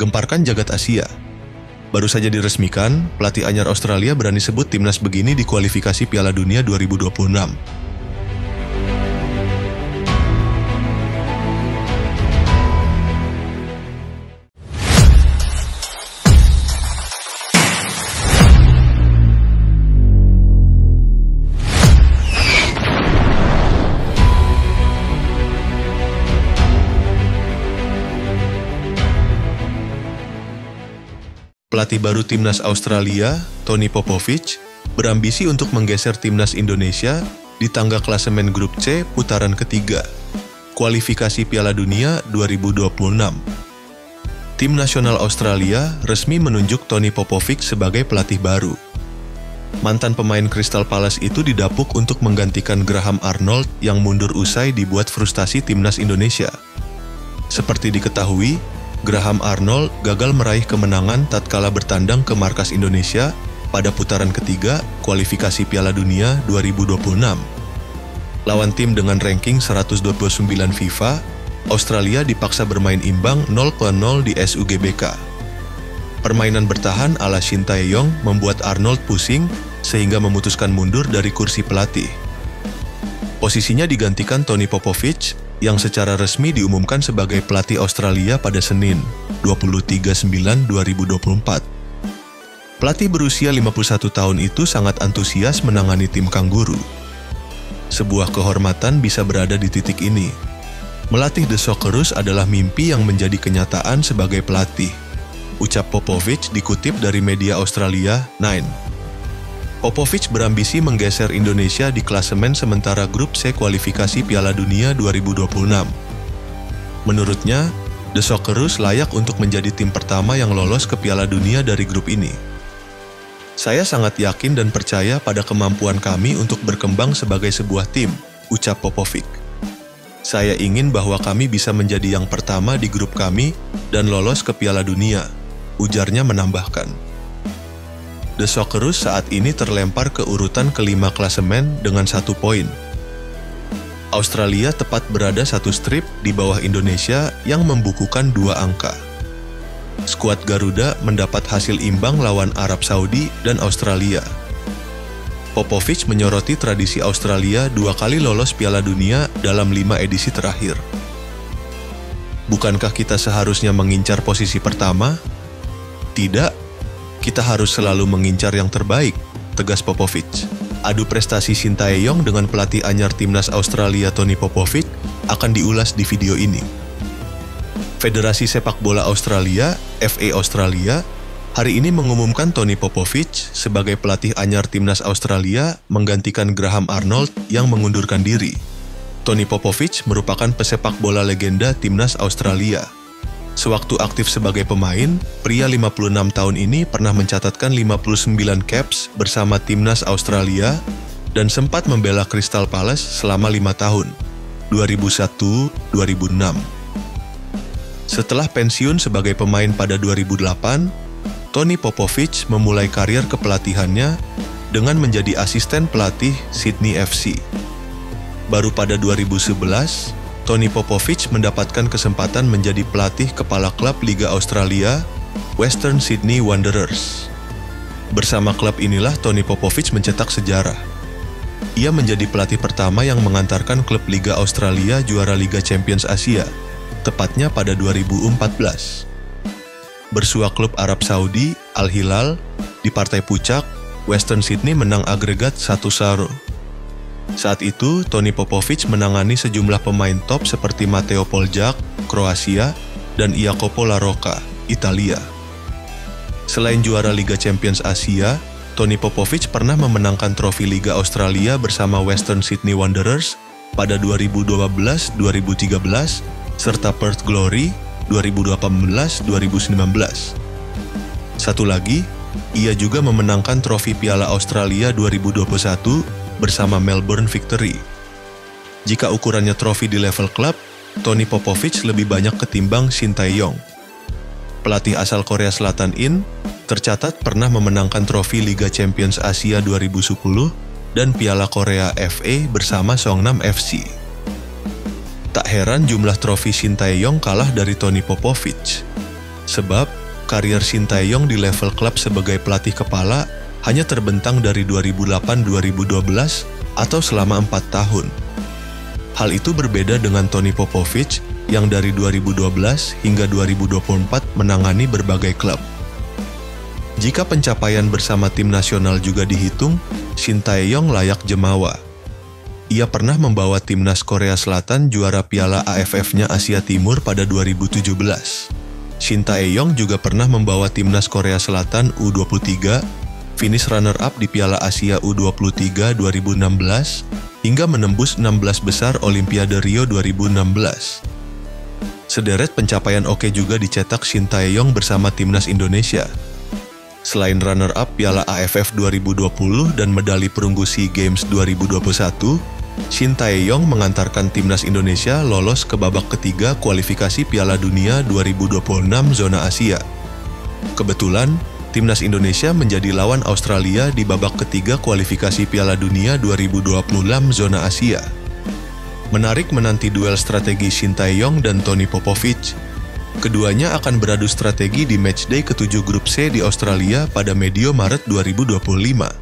Gemparkan jagat Asia. Baru saja diresmikan, pelatih anyar Australia berani sebut timnas begini di kualifikasi Piala Dunia 2026. pelatih baru timnas Australia, Tony Popovich, berambisi untuk menggeser timnas Indonesia di tangga klasemen grup C putaran ketiga, kualifikasi Piala Dunia 2026. Tim nasional Australia resmi menunjuk Tony Popovic sebagai pelatih baru. Mantan pemain Crystal Palace itu didapuk untuk menggantikan Graham Arnold yang mundur usai dibuat frustasi timnas Indonesia. Seperti diketahui, Graham Arnold gagal meraih kemenangan tatkala bertandang ke markas Indonesia pada putaran ketiga kualifikasi Piala Dunia 2026. Lawan tim dengan ranking 129 FIFA, Australia dipaksa bermain imbang 0-0 di SUGBK. Permainan bertahan ala Shin Tae-yong membuat Arnold pusing sehingga memutuskan mundur dari kursi pelatih. Posisinya digantikan Tony Popovich yang secara resmi diumumkan sebagai pelatih Australia pada Senin, 23/9/2024. Pelatih berusia 51 tahun itu sangat antusias menangani tim Kangguru. Sebuah kehormatan bisa berada di titik ini. Melatih The Socceroos adalah mimpi yang menjadi kenyataan sebagai pelatih. Ucap Popovich dikutip dari media Australia, Nine. Popovic berambisi menggeser Indonesia di klasemen sementara grup C kualifikasi Piala Dunia 2026. Menurutnya, The Socceroos layak untuk menjadi tim pertama yang lolos ke Piala Dunia dari grup ini. Saya sangat yakin dan percaya pada kemampuan kami untuk berkembang sebagai sebuah tim, ucap Popovic. Saya ingin bahwa kami bisa menjadi yang pertama di grup kami dan lolos ke Piala Dunia, ujarnya menambahkan. The Socceroos saat ini terlempar ke urutan kelima klasemen dengan satu poin. Australia tepat berada satu strip di bawah Indonesia yang membukukan dua angka. Skuad Garuda mendapat hasil imbang lawan Arab Saudi dan Australia. Popovich menyoroti tradisi Australia dua kali lolos Piala Dunia dalam lima edisi terakhir. Bukankah kita seharusnya mengincar posisi pertama? Tidak, kita harus selalu mengincar yang terbaik, tegas Popovic. Adu prestasi Sintayong dengan pelatih anyar timnas Australia Tony Popovic akan diulas di video ini. Federasi Sepak Bola Australia, FA Australia, hari ini mengumumkan Tony Popovic sebagai pelatih anyar timnas Australia menggantikan Graham Arnold yang mengundurkan diri. Tony Popovic merupakan pesepak bola legenda timnas Australia. Sewaktu aktif sebagai pemain, pria 56 tahun ini pernah mencatatkan 59 caps bersama timnas Australia dan sempat membela Crystal Palace selama lima tahun, 2001-2006. Setelah pensiun sebagai pemain pada 2008, Tony Popovich memulai karir kepelatihannya dengan menjadi asisten pelatih Sydney FC. Baru pada 2011, Tony Popovich mendapatkan kesempatan menjadi pelatih kepala klub Liga Australia, Western Sydney Wanderers. Bersama klub inilah Tony Popovich mencetak sejarah. Ia menjadi pelatih pertama yang mengantarkan klub Liga Australia juara Liga Champions Asia, tepatnya pada 2014. Bersua klub Arab Saudi, Al Hilal, di partai puncak, Western Sydney menang agregat 1 0 saat itu, Tony Popovic menangani sejumlah pemain top seperti Matteo Poljak, Kroasia, dan Iacopo La Roca, Italia. Selain juara Liga Champions Asia, Tony Popovic pernah memenangkan trofi Liga Australia bersama Western Sydney Wanderers pada 2012-2013 serta Perth Glory 2018-2019. Satu lagi, ia juga memenangkan trofi Piala Australia 2021 bersama Melbourne Victory. Jika ukurannya trofi di level klub, Tony Popovich lebih banyak ketimbang Shin Tae-yong. Pelatih asal Korea Selatan In tercatat pernah memenangkan trofi Liga Champions Asia 2010 dan Piala Korea FA bersama Songnam FC. Tak heran jumlah trofi Shin Tae-yong kalah dari Tony Popovich. Sebab, karir Shin Tae-yong di level klub sebagai pelatih kepala hanya terbentang dari 2008-2012 atau selama 4 tahun. Hal itu berbeda dengan Tony Popovich yang dari 2012 hingga 2024 menangani berbagai klub. Jika pencapaian bersama tim nasional juga dihitung, Shin Tae-yong layak jemawa. Ia pernah membawa timnas Korea Selatan juara Piala AFF-nya Asia Timur pada 2017. Shin Tae-yong juga pernah membawa timnas Korea Selatan U23 finish runner-up di Piala Asia U23 2016 hingga menembus 16 besar Olimpiade Rio 2016. Sederet pencapaian oke juga dicetak Shin Tae-yong bersama timnas Indonesia. Selain runner-up Piala AFF 2020 dan medali perunggu SEA Games 2021, Shin Tae-yong mengantarkan timnas Indonesia lolos ke babak ketiga kualifikasi Piala Dunia 2026 zona Asia. Kebetulan, timnas Indonesia menjadi lawan Australia di babak ketiga kualifikasi Piala Dunia 2026 zona Asia. Menarik menanti duel strategi Shin Tae-yong dan Tony Popovich. Keduanya akan beradu strategi di matchday ketujuh grup C di Australia pada medio Maret 2025.